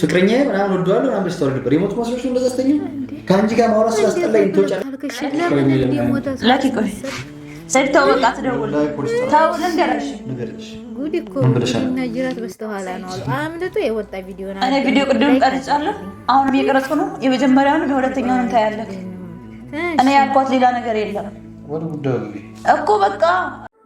ፍቅረኛ ምናምን ወደዋለሁ ምናምን ብለሽ ታወሪ ነበር። የሞት መስሎሽ ነው እንደዛ ስተኛ ከአንቺ ጋር ማውራት ስላስጠላኝ የወጣ ቪዲዮ ቅድም ቀርጫለሁ። አሁንም እየቀረጽኩ ነው። የመጀመሪያውን ሁለተኛውን እንታያለን። እኔ ያልኳት ሌላ ነገር የለም እኮ በቃ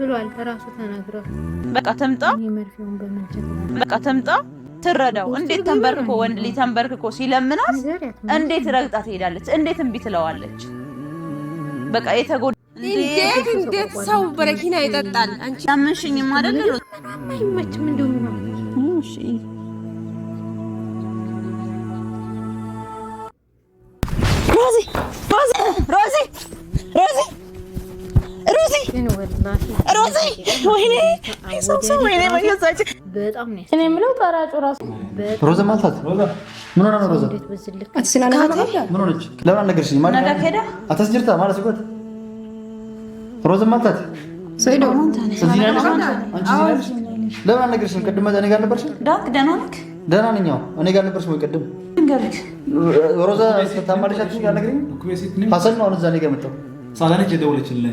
ብሏል ራሱ ተናግሯል። በቃ ትምጣ በቃ ትምጣ ትረዳው። እንዴት ተንበርክኮ ወንድ ተንበርክኮ ሲለምናት እንዴት ረግጣ ትሄዳለች? እንዴት እምቢ ትለዋለች? በቃ የተጎዳ እንዴት ሰው በረኪና ይጠጣል? አንቺ አይመችም እንደውም እሺ ሮዚ ሮዚ ሮዚ ሮዚ ሮዚ ሮዚ፣ ወይኔ ሰምሶ፣ ወይኔ መገዛች። እኔ የምለው ጠራጩ ራሱ ሮዘ ማልታት ምን ነው? ሮዘ ምን ሆነች? ለምን አታስጀርታ ማለት ሮዘ ማልታት ለምን ቅድም እኔ ጋር ነበርሽ። ደህና ነኝ። እኔ ጋር ነበርሽ ወይ ቅድም ሮዛ ነው። አሁን እዛ እኔ ጋር መጣሁ። ሳላነች የደወለችልኝ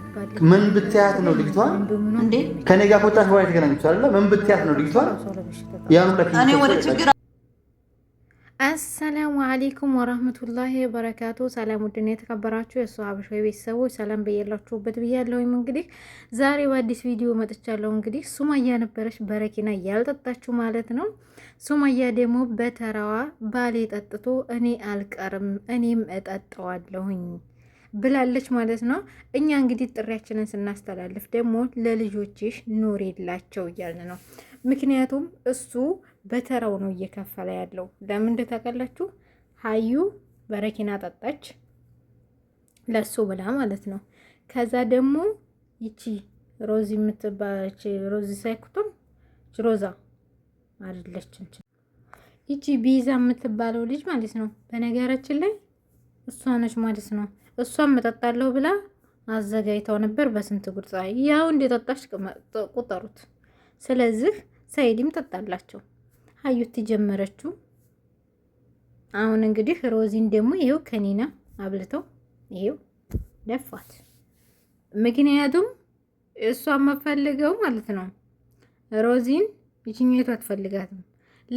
ምን ብትያት ነው ልጅቷ? ከኔ ጋር ከወጣች በኋላ የተገናኙት አይደለ? ምን ብትያት ነው ልጅቷ? አሰላሙ አሌይኩም ወራህመቱላሂ በረካቱ። ሰላም ውድና የተከበራችሁ የእሱ ሀበሻ ቤተሰቦች ሰላም በያላችሁበት ብያለሁም። እንግዲህ ዛሬ በአዲስ ቪዲዮ መጥቻለሁ። እንግዲህ ሱማያ ነበረች በረኪና ያልጠጣችሁ ማለት ነው። ሱማያ ደግሞ በተራዋ ባሌ ጠጥቶ እኔ አልቀርም እኔም እጠጣዋለሁኝ ብላለች ማለት ነው። እኛ እንግዲህ ጥሪያችንን ስናስተላልፍ ደግሞ ለልጆችሽ የላቸው እያልን ነው። ምክንያቱም እሱ በተራው ነው እየከፈለ ያለው። ለምን እንደታውቃላችሁ? ሀዩ በረኪና ጠጣች ለሱ ብላ ማለት ነው። ከዛ ደግሞ ይቺ ሮዚ የምትባች ሮዚ ሳይኩቱም ሮዛ አይደለችም ይቺ ቢዛ የምትባለው ልጅ ማለት ነው። በነገራችን ላይ እሷ ነች ማለት ነው። እሷም እጠጣለሁ ብላ አዘጋጅተው ነበር። በስንት ጉርጻ ፀሐይ ያው እንደጠጣች ቁጠሩት። ስለዚህ ሰይድም ጠጣላቸው። አዩት ጀመረችው። አሁን እንግዲህ ሮዚን ደግሞ ይሄው ከኒና አብልተው ይሄው ደፋት። ምክንያቱም እሷ የምፈልገው ማለት ነው ሮዚን ይችኛቱ አትፈልጋትም።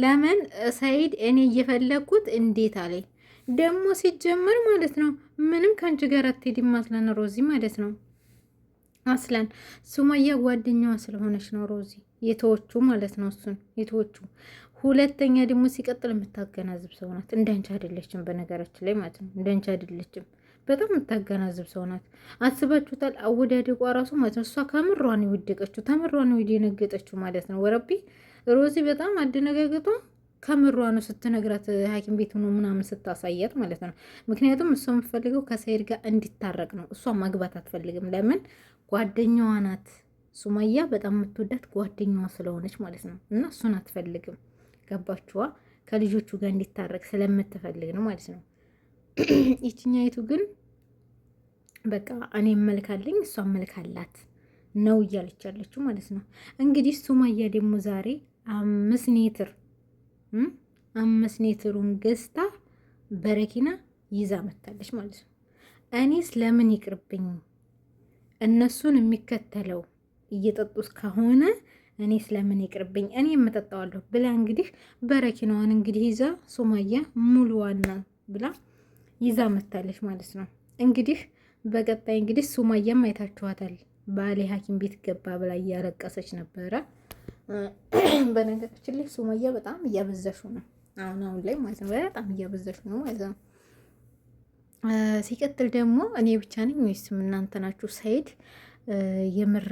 ለምን ሰይድ እኔ እየፈለግኩት እንዴት አለኝ ደግሞ ሲጀመር ማለት ነው ምንም ከአንቺ ጋር አትሄድም አስለን ሮዚ ማለት ነው። አስለን ሱማያ ጓደኛዋ ስለሆነች ነው ሮዚ የተወቹ ማለት ነው። እሱን የተወቹ ሁለተኛ ደግሞ ሲቀጥል የምታገናዝብ ሰው ናት። እንዳንቺ አይደለችም፣ በነገራችን ላይ ማለት ነው። እንዳንቺ አይደለችም። በጣም የምታገናዝብ ሰው ናት። አስባችሁታል? አወዳደቋ ራሱ ማለት ነው። እሷ ከምሯን የወደቀችው ተምሯን የደነገጠችው ማለት ነው። ወረቢ ሮዚ በጣም አደነጋገጧ ከምሯ ነው ስትነግራት ሐኪም ቤት ሆኖ ምናምን ስታሳያት ማለት ነው። ምክንያቱም እሷ የምትፈልገው ከሰይድ ጋር እንዲታረቅ ነው። እሷ ማግባት አትፈልግም። ለምን ጓደኛዋ ናት። ሱማያ በጣም የምትወዳት ጓደኛዋ ስለሆነች ማለት ነው። እና እሱን አትፈልግም። ገባችኋ? ከልጆቹ ጋር እንዲታረቅ ስለምትፈልግ ነው ማለት ነው። ይችኛይቱ ግን በቃ እኔ መልካለኝ እሷ መልካላት ነው እያለች ያለችው ማለት ነው። እንግዲህ ሱማያ ደግሞ ዛሬ አምስት ሜትር አምስት ሊትሩን ገዝታ በረኪና ይዛ መታለች ማለት ነው። እኔስ ለምን ይቅርብኝ እነሱን የሚከተለው እየጠጡት ከሆነ እኔ ስለምን ይቅርብኝ እኔ የምጠጣዋለሁ ብላ እንግዲህ በረኪናዋን እንግዲህ ይዛ ሱማያ ሙሉ ዋና ብላ ይዛ መታለች ማለት ነው። እንግዲህ በቀጣይ እንግዲህ ሱማያም አይታችኋታል ባሌ ሐኪም ቤት ገባ ብላ እያለቀሰች ነበረ። በነገራችን ላይ ሱመያ በጣም እያበዛሹ ነው አሁን አሁን ላይ ማለት ነው። በጣም እያበዛሹ ነው ማለት ነው። ሲቀጥል ደግሞ እኔ ብቻ ነኝ ወይስም እናንተ ናችሁ? ሰኢድ የምር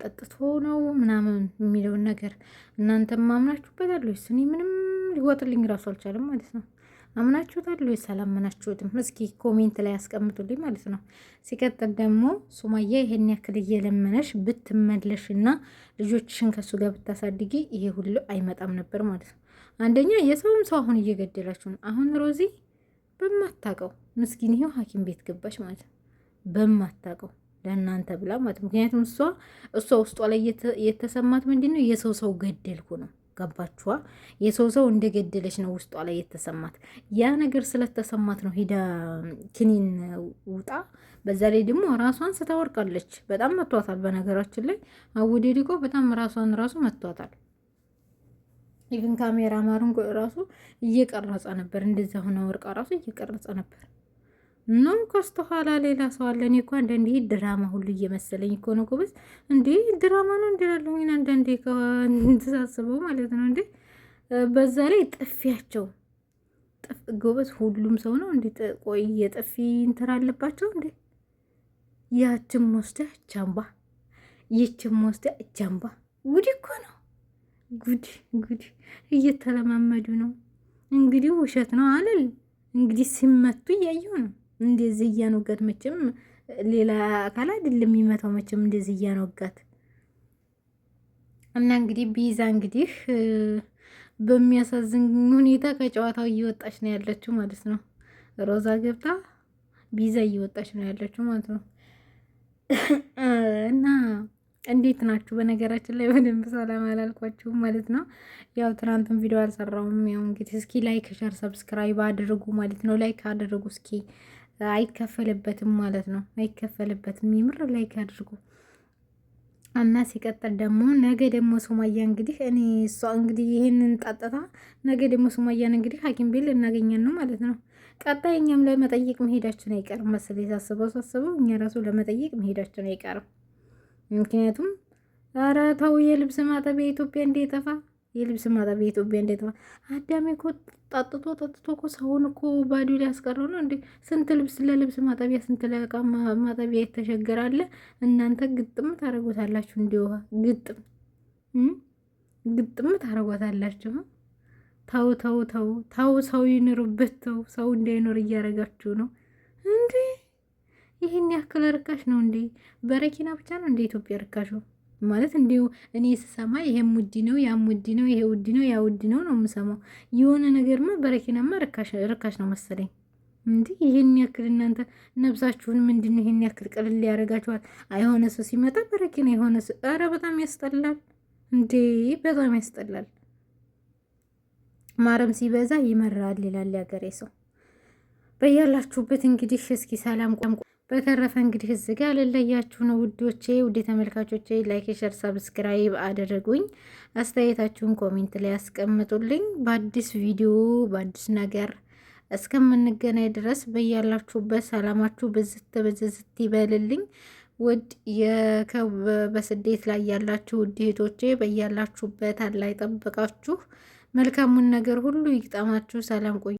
ጠጥቶ ነው ምናምን የሚለውን ነገር እናንተ ማምናችሁበታል ወይስ? እኔ ምንም ሊወጥልኝ ራሱ አልቻለም ማለት ነው። አምናችሁታል ወይስ አላመናችሁትም? እስኪ ኮሜንት ላይ ያስቀምጡልኝ ማለት ነው። ሲቀጥል ደግሞ ሱማያ ይሄን ያክል እየለመነሽ ብትመለሽ እና ልጆችሽን ከሱ ጋር ብታሳድጊ ይሄ ሁሉ አይመጣም ነበር ማለት ነው። አንደኛ የሰውም ሰው አሁን እየገደላችሁ ነው። አሁን ሮዚ በማታቀው ምስኪን ይሄው ሐኪም ቤት ገባች ማለት ነው። በማታቀው ለእናንተ ብላ ማለት ምክንያቱም እሷ እሷ ውስጧ ላይ የተሰማት ምንድን ነው የሰው ሰው ገደልኩ ነው ገባችኋ? የሰው ሰው እንደገደለች ነው ውስጧ ላይ የተሰማት። ያ ነገር ስለተሰማት ነው ሂዳ ክኒን ውጣ። በዛ ላይ ደግሞ ራሷን ስታወርቃለች። በጣም መቷታል። በነገራችን ላይ አወደድቆ በጣም ራሷን ራሱ መቷታል። ኢቭን ካሜራ ማሩን ራሱ እየቀረጸ ነበር። እንደዛ ሆነ ወርቃ ራሱ እየቀረጸ ነበር። ነው ከስተኋላ ሌላ ሰው አለ። እኔ እኮ አንዳንዴ ድራማ ሁሉ እየመሰለኝ እኮ ነው ጎበዝ። እንዴ ድራማ ነው እንዲላለኝ አንዳንዴ ተሳስበው ማለት ነው። እንዴ በዛ ላይ ጥፊያቸው ጎበዝ፣ ሁሉም ሰው ነው እንዲ ቆይ የጥፊ እንትን አለባቸው እንዴ ያችን ወስዳ ጃምባ፣ ይችን ወስዳ ጃምባ። ጉድ እኮ ነው ጉድ ጉድ። እየተለማመዱ ነው እንግዲህ። ውሸት ነው አለል እንግዲህ ሲመቱ እያየው ነው እንደዚህ እያኖጋት መቼም ሌላ አካል አይደለም የሚመታው። መቼም እንደዚህ እያኖጋት እና እንግዲህ ቢዛ እንግዲህ በሚያሳዝን ሁኔታ ከጨዋታው እየወጣች ነው ያለችው ማለት ነው። ሮዛ ገብታ ቢዛ እየወጣች ነው ያለችው ማለት ነው። እና እንዴት ናችሁ? በነገራችን ላይ በደንብ ሰላም አላልኳችሁም ማለት ነው። ያው ትናንትን ቪዲዮ አልሰራውም። ያው እንግዲህ እስኪ ላይክ፣ ሸር፣ ሰብስክራይብ አድርጉ ማለት ነው። ላይክ አድርጉ እስኪ አይከፈልበትም ማለት ነው። አይከፈልበትም። የምር ላይክ አድርጉ እና ሲቀጥል ደግሞ ነገ ደግሞ ሶማያ እንግዲህ እኔ እሷ እንግዲህ ይህንን ጠጥታ ነገ ደግሞ ሱማያን እንግዲህ ሐኪም ቤት ልናገኛን ነው ማለት ነው። ቀጣይ እኛም ለመጠየቅ መሄዳችን አይቀርም መሰለኝ ሳስበው ሳስበው እኛ ራሱ ለመጠየቅ መሄዳችን አይቀርም። ምክንያቱም ኧረ ተው የልብስ ማጠቢያ ኢትዮጵያ እንደ ጠፋ የልብስ ማጠብ በኢትዮጵያ እንዴት ነው? አዳሜ እኮ ጠጥቶ ጠጥቶ እኮ ሰውን እኮ ባዶ ሊያስቀረው ነው እንዴ? ስንት ልብስ ለልብስ ማጠቢያ ስንት ለእቃ ማጠቢያ የተሸገራለ። እናንተ ግጥም ታደርጎታላችሁ፣ እንዲ ውሃ ግጥም ግጥም ታደርጓታላችሁ። ተው ተው ተው ተው፣ ሰው ይኖርበት ተው፣ ሰው እንዳይኖር እያደረጋችሁ ነው እንዴ? ይህን ያክል ርካሽ ነው እንዴ? በረኪና ብቻ ነው እንዴ ኢትዮጵያ ነው ማለት እንዲሁ እኔ ስሰማ ይሄም ውድ ነው ያም ውድ ነው ይሄ ውድ ነው ያ ውድ ነው ነው የምሰማው። የሆነ ነገርማ በረኪናማ ርካሽ ነው መሰለኝ። እንዲህ ይህን ያክል እናንተ ነብሳችሁን ምንድን ነው ይህን ያክል ቀልል ያደርጋችኋል? የሆነ ሰው ሲመጣ በረኪና የሆነ ሰው ኧረ በጣም ያስጠላል እንዴ! በጣም ያስጠላል። ማረም ሲበዛ ይመራል ይላል ያገሬ ሰው። በያላችሁበት እንግዲህ እስኪ ሰላም ቆም በተረፈ እንግዲህ እዚህ ጋር ልለያችሁ ነው ውዶቼ፣ ውድ ተመልካቾቼ። ላይክ፣ ሸር፣ ሰብስክራይብ አደረጉኝ። አስተያየታችሁን ኮሜንት ላይ ያስቀምጡልኝ። በአዲስ ቪዲዮ በአዲስ ነገር እስከምንገናኝ ድረስ በያላችሁበት ሰላማችሁ ብዝት ብዝዝት ይበልልኝ። ውድ በስደት ላይ ያላችሁ ውድ እህቶቼ በያላችሁበት አላህ ይጠብቃችሁ። መልካሙን ነገር ሁሉ ይግጠማችሁ። ሰላም ቆዩ።